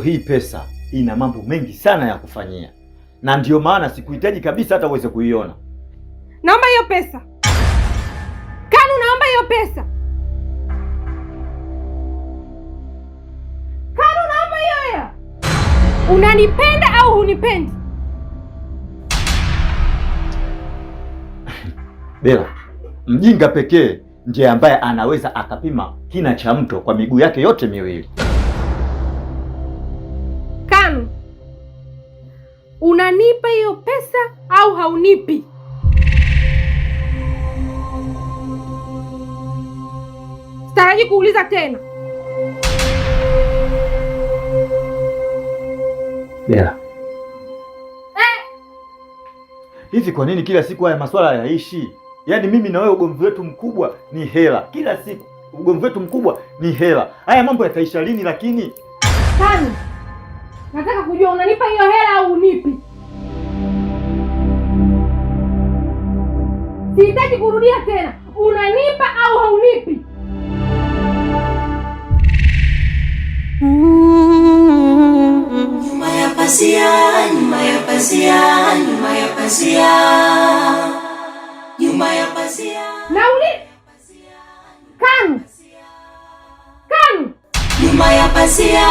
hii pesa ina mambo mengi sana ya kufanyia, na ndiyo maana sikuhitaji kabisa hata uweze kuiona. Naomba hiyo pesa Kanu, naomba hiyo pesa Kanu, naomba hiyo ya. Unanipenda au hunipendi? Bela, mjinga pekee ndiye ambaye anaweza akapima kina cha mto kwa miguu yake yote miwili. nipe hiyo pesa au haunipi? Sitaraji kuuliza tena. Yeah. Eh! Hivi kwa nini kila siku haya maswala yaishi? Yaani mimi na wewe ugomvi wetu mkubwa ni hela. Kila siku ugomvi wetu mkubwa ni hela. Haya mambo yataisha lini? Lakini Tani, nataka kujua unanipa hiyo hela au unipi? Sihitaji kurudia tena. Unanipa au haunipi? Nyuma ya pazia, nyuma ya pazia, nyuma ya pazia. Nyuma ya pazia. Nauli. Kanu. Kanu. Nyuma ya pazia,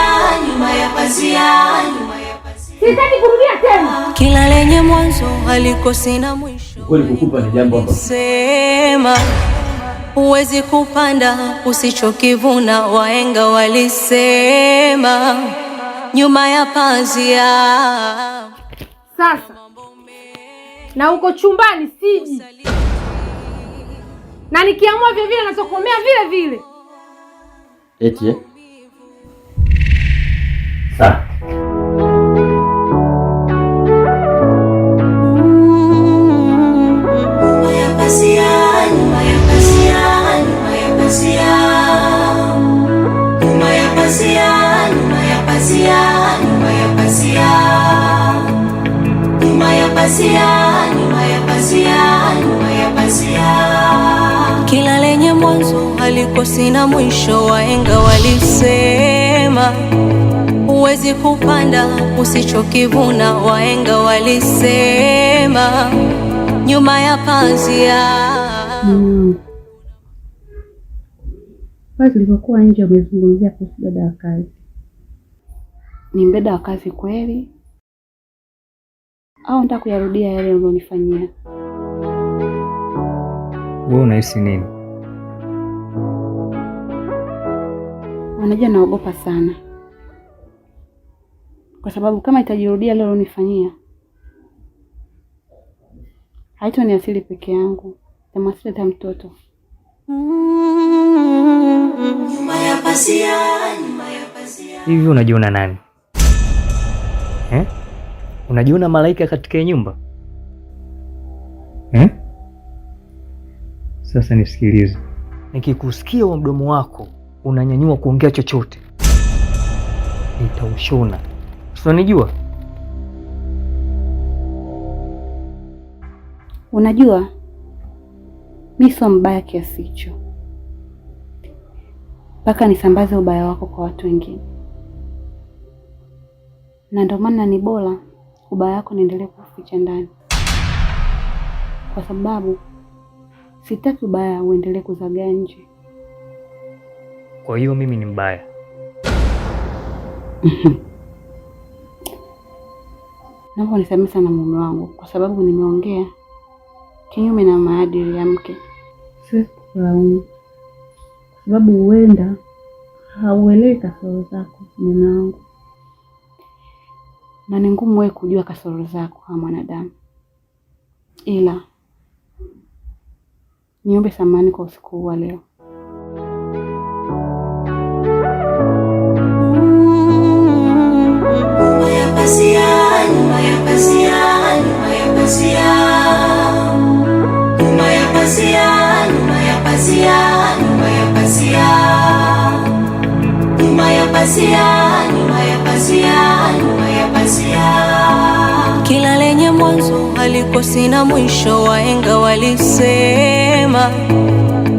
nyuma ya pazia, nyuma ya pazia. Sitaki kurudia tena. Kila lenye mwanzo halikosi na mwisho kweli kukupa ni jambo ambalo sema huwezi kupanda usichokivuna. Waenga walisema nyuma ya pazia. Sasa na uko chumbani, siji na nikiamua vile vile natokomea vile vile eti eh? Sasa yako sina mwisho. waenga walisema huwezi kupanda usichokivuna. waenga walisema nyuma ya pazia. Hmm. Pale tulipokuwa nje umezungumzia kuhusu dada wa kazi. Ni mbeda wa kazi kweli au kuyarudia yale ulionifanyia? Wewe unahisi nini? unajua naogopa sana, kwa sababu kama itajirudia leo unifanyia, asili peke yangu, itamwathiri ta mtoto. Hivi unajiona nani eh? Unajiona malaika katika nyumba eh? Sasa nisikilize, nikikusikia wa mdomo wako unanyanyua kuongea chochote, nitaushona. Unanijua? Unajua mi sio mbaya kiasi hicho mpaka nisambaze ubaya wako kwa watu wengine, na ndio maana ni bora ubaya wako niendelee kuficha ndani, kwa sababu sitaki ubaya uendelee kuzagaa nje. Kwa hiyo mimi ni mbaya? Naomba unisamehe sana mume wangu, kwa sababu nimeongea kinyume na maadili ya mke. Siwezi kulaumu kwa sababu huenda hauelewi kasoro zako mume wangu, na ni ngumu wewe kujua kasoro zako kama mwanadamu, ila niombe samani kwa usiku wa leo. pazia, nyuma ya pazia, nyuma ya pazia, nyuma ya pazia, nyuma ya pazia, nyuma ya pazia, nyuma ya pazia. Kila lenye mwanzo halikosi na mwisho, wahenga walisema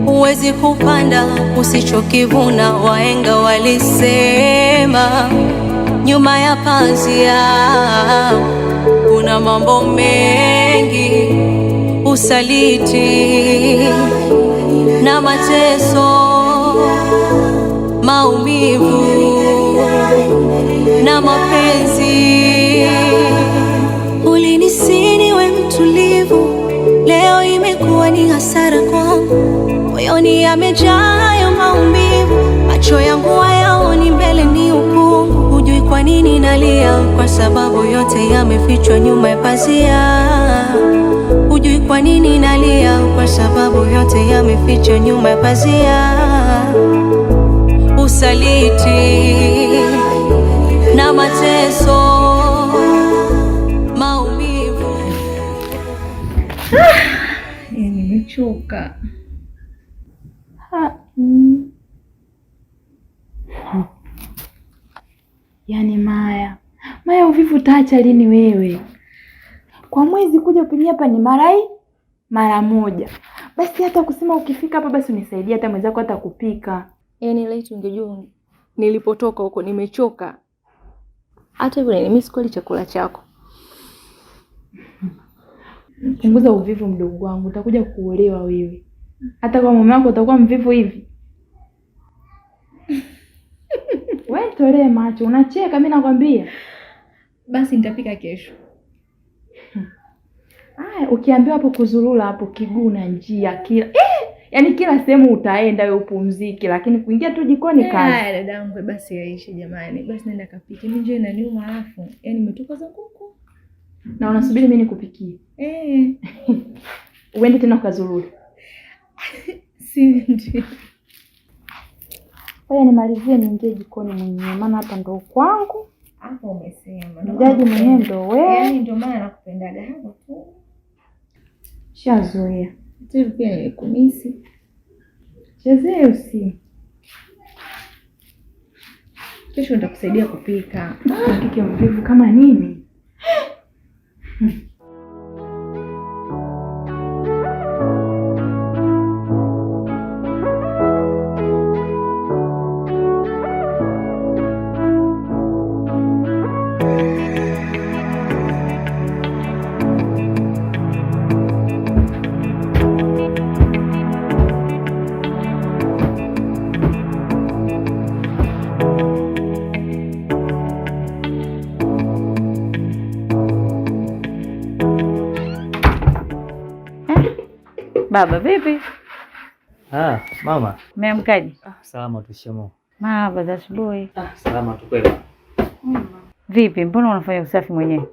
huwezi kupanda usichokivuna, wahenga walisema nyuma ya pazia kuna mambo mengi, usaliti na mateso, maumivu na mapenzi. Ulinisini we mtulivu, leo imekuwa ni hasara kwangu. Moyoni yamejaa maumivu, macho yangu nini nalia? Kwa sababu yote yamefichwa nyuma ya pazia. Hujui kwa nini nalia? Kwa sababu yote yamefichwa nyuma ya pazia. Usaliti na mateso, maumivu. Ah, Nimechoka. Yaani Maya, Maya, uvivu utaacha lini wewe? Kwa mwezi kuja upinia hapa ni marai mara moja. Basi hata kusema ukifika hapa basi unisaidie hata mwenzako hata kupika. Yaani laiti ungejua nilipotoka huko nimechoka. Hata hivyo mimi sikuli chakula chako. Punguza uvivu mdogo wangu, utakuja kuolewa wewe. Hata kwa mume wako utakuwa mvivu hivi. nikutolee macho, unacheka. Mi nakwambia basi nitapika kesho. Hmm. Aya, ukiambiwa hapo kuzurula hapo kiguu na njia kila eh, yani kila sehemu utaenda wewe upumziki, lakini kuingia tu jikoni eh, kazi. Haya dadangu, basi yaishi jamani, basi naenda kapike mimi, njoo inaniuma alafu yaani nimetoka za kuku na unasubiri mimi nikupikie eh. Uende tena kuzurula, si ndio? Ngoja nimalizie niingie jikoni mwenyewe, maana hapa ndo kwangu. Hapo umesema mjaji mwenyewe ndo wewe. Yaani ndio maana nakupendaga hapo tu. Shazoea. Tena pia nilikumisi. Chezee usi. Kesho nitakusaidia kupika. Ah, Kike mvivu kama nini? Hmm? Baba vipi? Ah, mama. Meamkaje? Salama tu shemo. Mama, za asubuhi. Ah, salama tu kwema. Hmm. Vipi, mbona unafanya usafi mwenyewe?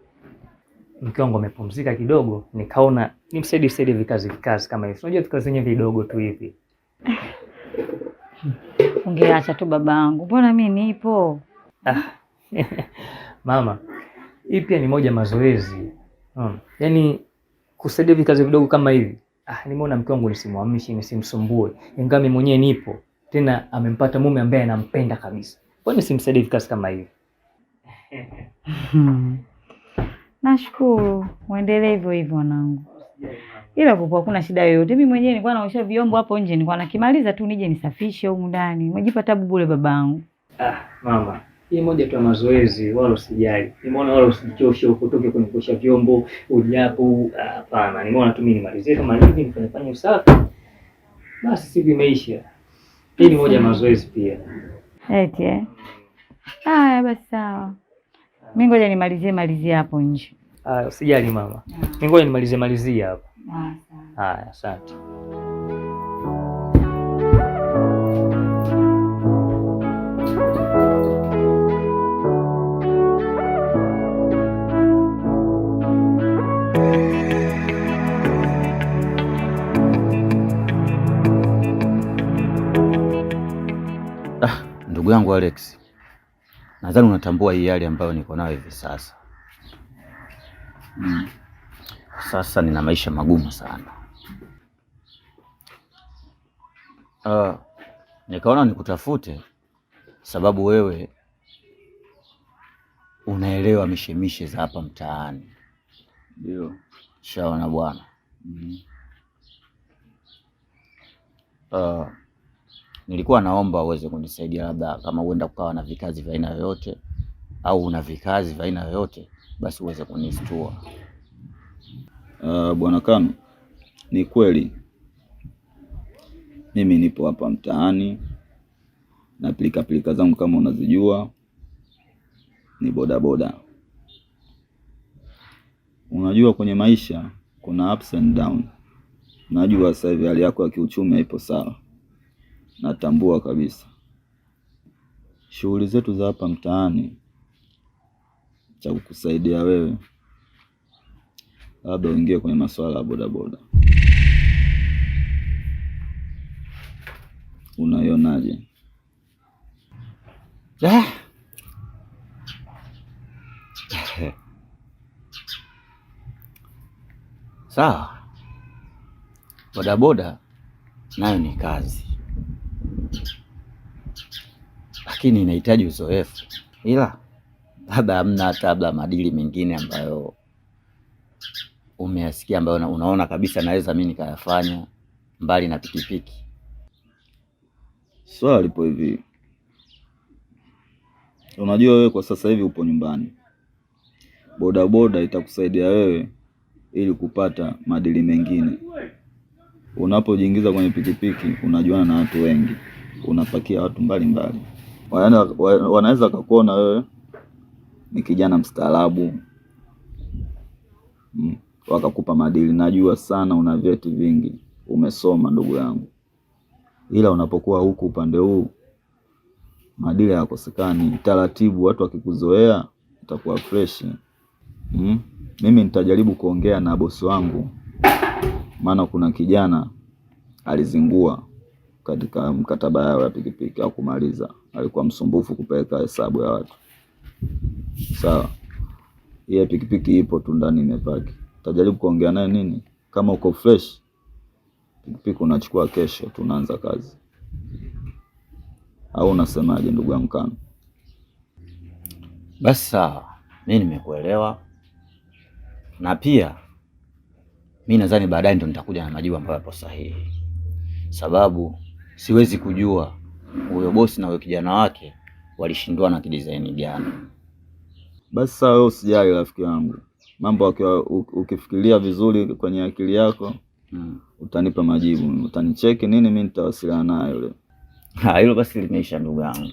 Mke wangu amepumzika kidogo, nikaona nimsaidie saidie vikazi vikazi kama hivi. Unajua vikazi vyenyewe vidogo tu hivi. Ungeacha tu babangu, mbona mi nipo. Ah, mama, hii pia ni moja mazoezi hmm. Yaani kusaidia vikazi vidogo kama hivi ah, nimeona mke wangu nisimwamshi, nisimsumbue, ingawa mimi mwenyewe nipo, tena amempata mume ambaye anampenda kabisa. Kwani simsaidie vikazi kama hivi? Nashukuru, uendelee hivyo hivyo wanangu, ila kupo kuna shida yoyote. Mimi mwenyewe nilikuwa naosha vyombo hapo nje, nilikuwa nakimaliza tu nije nisafishe humu ndani. Umejipa tabu bure babangu. Ah, mama hii moja tu mazoezi, wala usijali. Nimeona wala usijichoshe, ukotoke kwenye kuosha vyombo ujapo. Hapana, nimeona tu mimi nimalizie kama hivi, nifanye usafi basi, siku imeisha. Hii ni moja mazoezi pia. Eti eh, haya basi, sawa. Mimi ngoja nimalizie malizie hapo nje. Ah, usijali mama. Mimi ngoja nimalizie malizie hapo. Ah, Haya, asante. Ah, ndugu yangu Alex nadhani unatambua hii hali ambayo niko nayo hivi sasa mm. Sasa nina maisha magumu sana uh, nikaona nikutafute sababu wewe unaelewa mishemishe za hapa mtaani, ndio shaona bwana mm. uh, nilikuwa naomba uweze kunisaidia, labda kama uenda kukawa na vikazi vya aina yoyote au una vikazi vya aina yoyote, basi uweze kunistua. Uh, bwana Kanu, ni kweli mimi nipo hapa mtaani na pilika pilika zangu kama unazijua ni bodaboda. Unajua kwenye maisha kuna ups and down. Najua sasa hivi hali yako ya kiuchumi haipo sawa natambua kabisa shughuli zetu za hapa mtaani cha kukusaidia wewe, labda uingie kwenye masuala ya bodaboda. Unaionaje? Ah! Sawa, bodaboda nayo ni kazi lakini inahitaji uzoefu, ila labda hamna hata labda madili mengine ambayo umeyasikia ambayo unaona kabisa naweza mimi nikayafanya mbali na pikipiki. Swala lipo hivi, unajua wewe kwa sasa hivi upo nyumbani, bodaboda itakusaidia wewe ili kupata madili mengine. Unapojiingiza kwenye pikipiki, unajuana na watu wengi unapakia watu mbalimbali, wanaweza wakakuona wewe ni kijana mstaarabu mm, wakakupa madili. Najua sana una vyeti vingi, umesoma ndugu yangu, ila unapokuwa huku upande huu madili hayakosekani. Taratibu watu wakikuzoea utakuwa fresh mm. Mimi nitajaribu kuongea na bosi wangu, maana kuna kijana alizingua katika mkataba yao ya pikipiki au kumaliza. Alikuwa msumbufu kupeleka hesabu ya watu. Sawa, hiyo pikipiki ipo tu ndani imepaki, tajaribu kuongea naye nini? Kama uko fresh, pikipiki unachukua kesho, tunaanza kazi. Au unasemaje, ndugu ya Mkano? Basi sawa, mi nimekuelewa, na pia mi nadhani baadaye ndo nitakuja na majibu ambayo yapo sahihi, sababu siwezi kujua huyo bosi na huyo kijana wake na kidizaini gani. Basi sawa, wewe usijali rafiki yangu, mambo ukifikiria vizuri kwenye akili yako hmm, utanipa majibu, utanicheki nini, mi nitawasiliana naye yule. Ah, hilo basi limeisha ndugu yangu.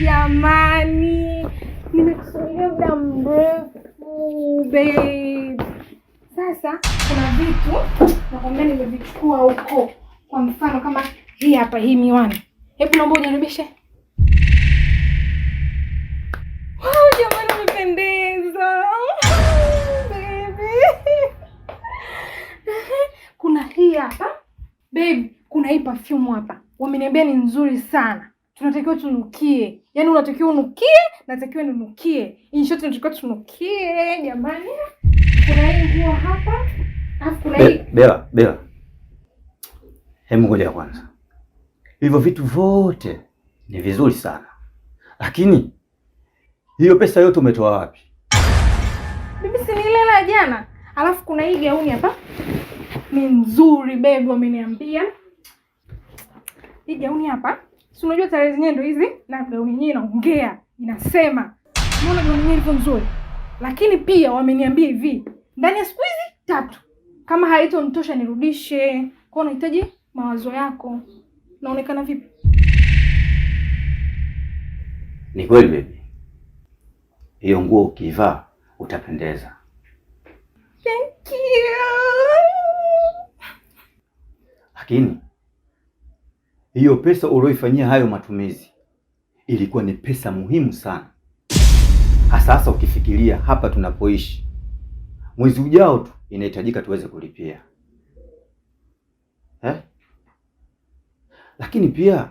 Jamani, nimekusubiri muda mrefu babe. Sasa kuna vitu nakwambia nimevichukua huko, kwa mfano kama hii hapa, hii miwani. Hebu naomba ujaribishe. Wow, jamani, umependeza Kuna hii hapa babe, kuna hii perfume hapa, wameniambia ni nzuri sana tunatakiwa tunukie, yani unatakiwa unukie, natakiwa ninukie, in short tunatakiwa tunukie. Jamani, kuna hii nguo hapa, alafu ah, kuna hii Bela. Bela, hebu ngoja kwanza, hivyo vitu vyote ni vizuri sana, lakini hiyo pesa yote umetoa wapi? Bibi, si jana. Alafu kuna hii gauni hapa, ni nzuri, bego ameniambia hii gauni hapa Si unajua tarehe zenyewe ndio hizi na gauni yenyewe inaongea, inasema. Unaona gauni yenyewe ilivyo nzuri. Lakini pia wameniambia hivi, ndani ya siku hizi tatu kama haitonitosha nirudishe. Kwa unahitaji mawazo yako. Naonekana vipi? Ni kweli baby. Hiyo nguo ukivaa utapendeza. Thank you. Lakini hiyo pesa ulioifanyia hayo matumizi ilikuwa ni pesa muhimu sana, hasa hasa ukifikiria hapa tunapoishi, mwezi ujao tu inahitajika tuweze kulipia eh? Lakini pia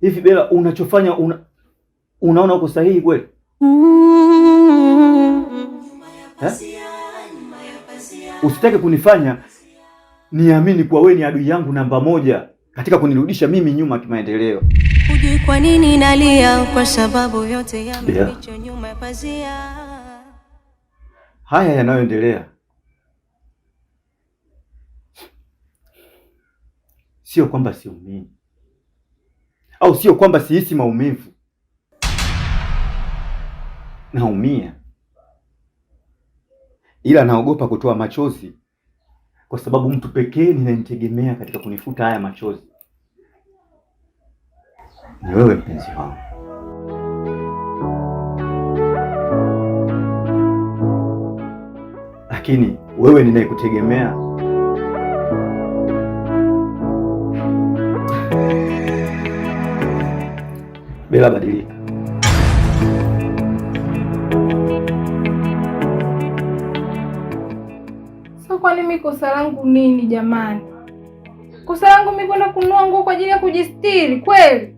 hivi Bela, unachofanya una, unaona uko sahihi kweli eh? Usitake kunifanya niamini kuwa wewe ni adui yangu namba moja katika kunirudisha mimi nyuma kimaendeleo. Hujui kwa nini nalia, kwa sababu yote yamefichwa nyuma ya pazia. Haya yanayoendelea sio kwamba siumii au sio kwamba sihisi maumivu, naumia, ila naogopa kutoa machozi kwa sababu mtu pekee ninayemtegemea katika kunifuta haya machozi ni wewe, mpenzi wangu. Lakini wewe ninayekutegemea bila badilika kwani mimi kosa langu nini jamani? Kosa langu mimi kwenda kununua nguo kwa ajili ya kujistiri kweli?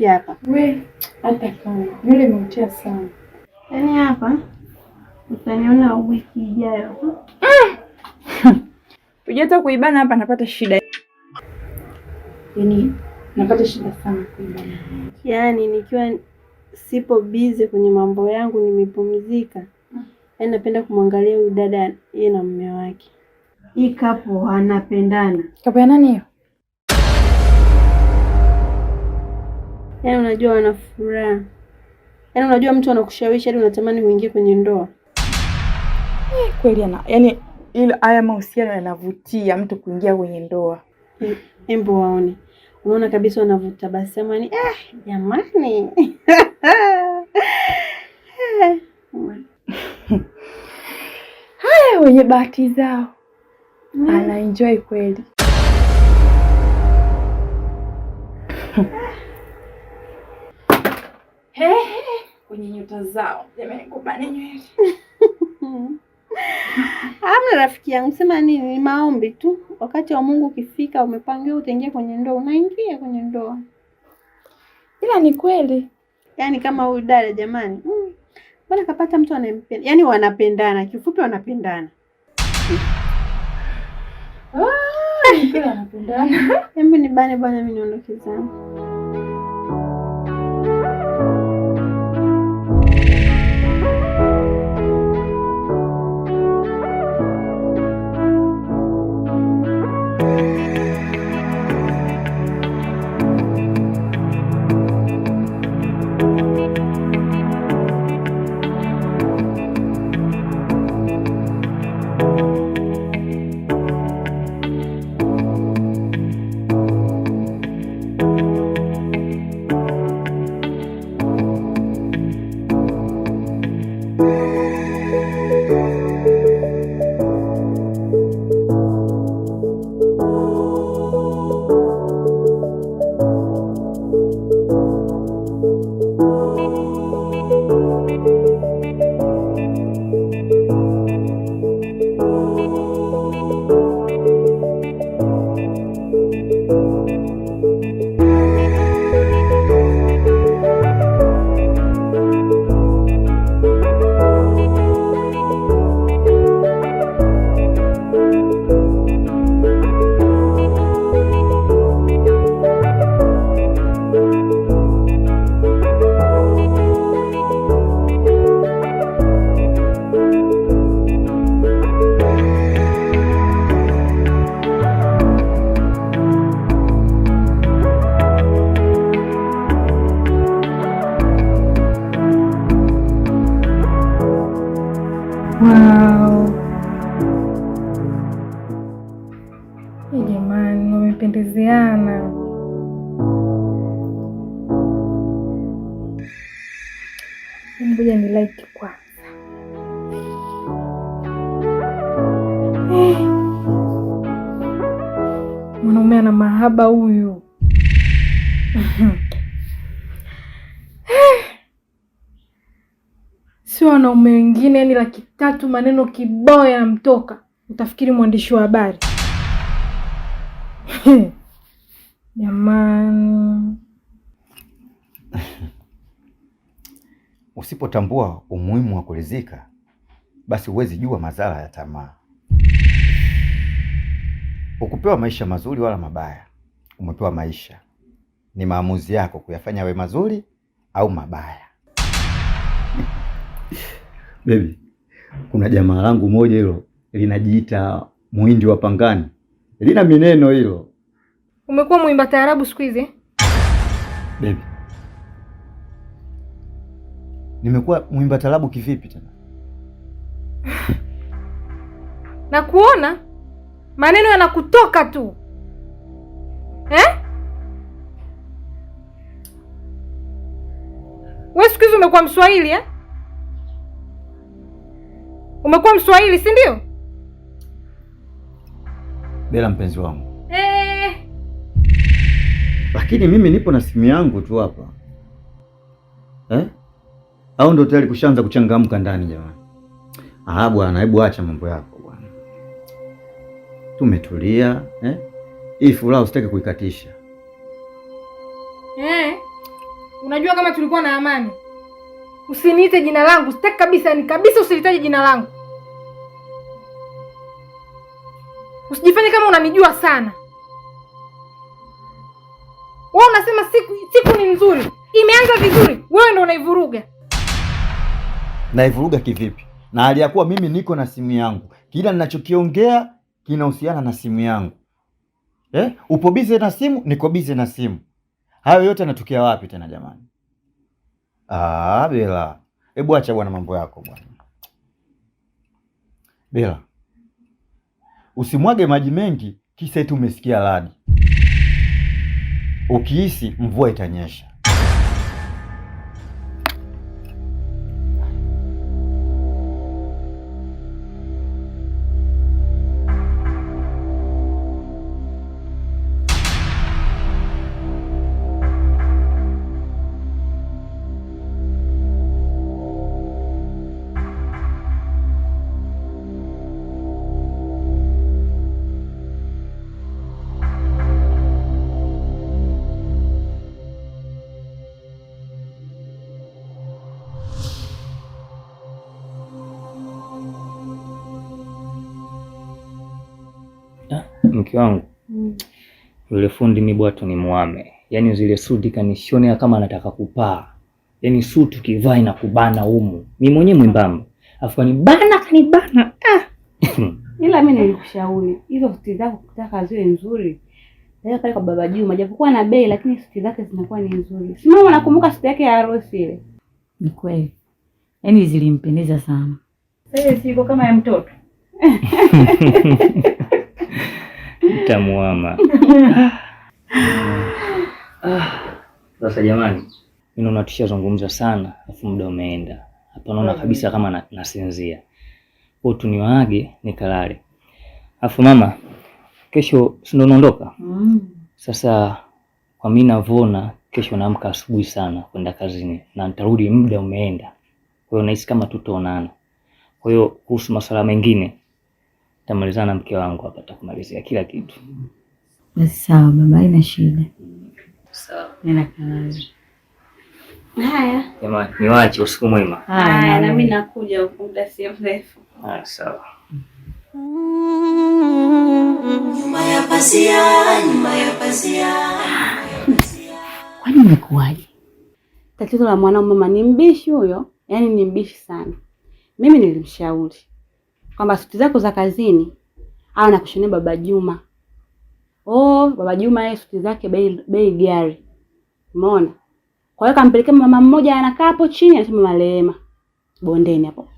hivi hapa. We, hata kama yule meutia sana. Yaani hapa utaniona wiki ijayo. Ujata kuibana hapa napata shida. Yaani napata shida sana kuibana. Yaani nikiwa sipo bize kwenye mambo yangu nimepumzika. Yaani napenda kumwangalia huyu dada yeye na mume wake. Hii kapo anapendana. Kapo ya nani hiyo? Yaani unajua wana furaha, yaani unajua mtu anakushawishi hadi yaani unatamani uingie kwenye ndoa kweli. Yaani ile haya mahusiano yanavutia mtu kuingia kwenye ndoa. Embo waone, unaona kabisa wanavuta basama ni eh, jamani haya wenye bahati zao, mm. anaenjoy kweli. kwenye nyota zao. Jamani, kupani nywele Amna Rafiki yangu, sema nini? Ni maombi tu. Wakati wa Mungu ukifika, umepangiwa utaingia kwenye ndoa, unaingia kwenye ndoa. Ila ni kweli, yaani kama huyu dada jamani, mm, mbona hmm, kapata mtu anayempenda. Yaani wanapendana, kifupi wanapendana ah, Hebu nibane bwana, mimi niondoke zangu. wanaume wengine, yani laki tatu, maneno kibao yanamtoka, utafikiri mwandishi wa habari jamani. Usipotambua umuhimu wa kuridhika, basi huwezi jua madhara ya tamaa. Ukupewa maisha mazuri wala mabaya, umepewa maisha. Ni maamuzi yako kuyafanya we mazuri au mabaya. Baby, kuna jamaa langu moja hilo linajiita muindi wa Pangani, lina mineno hilo. Umekuwa mwimba taarabu siku hizi baby? Nimekuwa mwimba taarabu kivipi tena? na kuona maneno yanakutoka tu eh? We siku hizi umekuwa Mswahili eh? Umekuwa Mswahili si ndio? Bela mpenzi wangu eh. Lakini mimi nipo na simu yangu tu hapa eh? Au ndio tayari kushaanza kuchangamka ndani jamani? Ah bwana, hebu acha mambo yako bwana, tumetulia eh? Hii furaha usitake kuikatisha eh. Unajua kama tulikuwa na amani Usiniite jina langu, sitaki kabisa, ni kabisa, usilitaje jina langu. Usijifanye kama unanijua sana. Wewe unasema siku siku ni nzuri, imeanza vizuri, wewe ndo unaivuruga. Naivuruga kivipi? na hali ya kuwa mimi niko na simu yangu, kila ninachokiongea kinahusiana na simu yangu eh? Upo bize na simu, niko bize na simu. Hayo yote yanatokea wapi tena jamani? Ah, Bela, hebu acha bwana mambo yako bwana. Bela, usimwage maji mengi, kisa eti umesikia radi ukihisi mvua itanyesha. Yule fundi mi bwatu ni muame, yaani zile suti kanishonea kama anataka kupaa, yaani suti ukivaa inakubana umu. Mi mwenyewe mwembamba, afu kanibana kanibana ah. Ila mi nilikushauri hizo suti zako kutaka ziwe nzuri pale kwa Baba Juma, japokuwa na bei, lakini suti zake zinakuwa ni nzuri. Si mama nakumbuka suti yake ya harusi ile? Ni kweli, yaani zilimpendeza sana. Sasa hiyo siko kama ya mtoto Muama. sasa. Jamani, mimi naona tushazungumza sana, afu muda umeenda hapa, naona kabisa kama na, nasinzia tuniwaage nikalale. Afu mama, kesho si ndo naondoka mm. Sasa kwa mimi navona kesho naamka asubuhi sana kwenda kazini na nitarudi muda umeenda, kwa hiyo nahisi kama tutaonana. Kwa hiyo kuhusu masuala mengine tamalizana na mke wangu hapa, takumalizia kila kitu. Basi sawa baba, haina shida. Sawa, nenda kalale. Haya jamani, niwache. Usiku mwema. Haya, na mimi nakuja huko muda si mrefu. Haya, sawa. Nyuma ya pazia, nyuma ya pazia. Kwani imekuwaje? Tatizo la mwanaume mama ni mbishi huyo, yaani ni mbishi sana. Mimi nilimshauri kwamba suti zako za kazini au nakushonia baba Juma. Oh, baba Juma yeye suti zake bei bei gari. Umeona? Kwa hiyo kampelekea mama mmoja anakaa hapo chini anasema Malema bondeni hapo.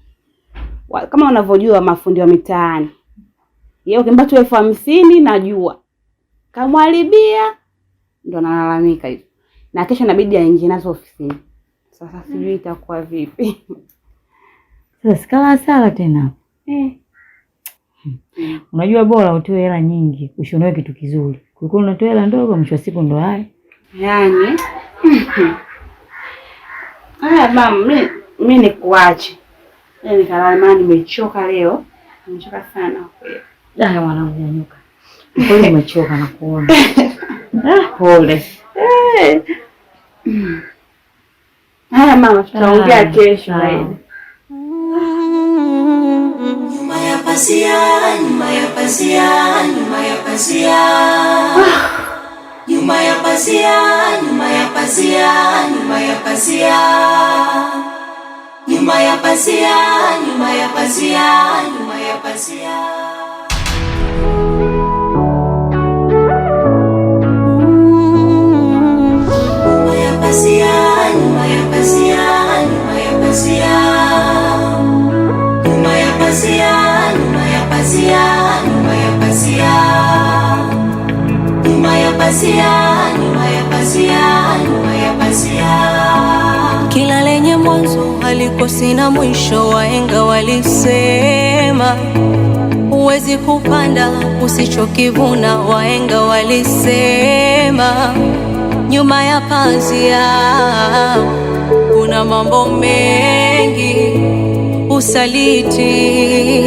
Kama unavyojua mafundi wa mitaani. Yeye ukimpa tu elfu hamsini najua. kamwalibia ndo analalamika hivi. Na kesho inabidi aingie nazo ofisini. Sasa sijui itakuwa vipi. Sasa sikala sala tena eh. Hmm. Unajua bora utoe hela nyingi ushonoe kitu kizuri kuliko unatoa hela ndogo, mwisho wa siku ndo haya Yaani. Haya mama, mi nikuache nikalala, nimechoka leo, nimechoka sana kweli. Mwanangu nyanyuka, kweli umechoka na kuona. Ah, pole. Eh. Haya mama, tutaongea kesho. pazia, nyuma ya pazia, nyuma ya pazia, nyuma ya pazia, nyuma ya pazia, nyuma ya pazia, nyuma ya pazia, nyuma ya pazia, nyuma ya pazia. pazia, nyuma ya pazia, nyuma ya pazia. Kila lenye mwanzo halikosi na mwisho, waenga walisema. Huwezi kupanda usichokivuna, waenga walisema. Nyuma ya pazia kuna mambo mengi, usaliti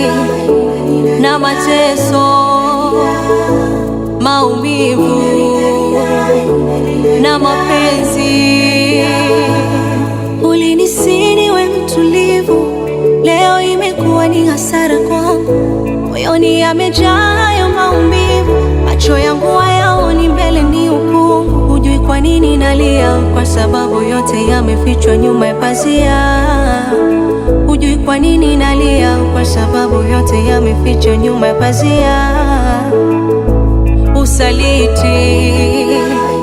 na mateso maumivu na mapenzi. Ulinisini we mtulivu, leo imekuwa ni hasara kwangu. Moyoni yamejaa hayo maumivu, macho yangu hayaoni mbele, ni ukungu. Hujui kwa nini nalia, kwa sababu yote yamefichwa nyuma ya pazia. Hujui kwa nini nalia, kwa sababu yote yamefichwa nyuma ya pazia. unisaliti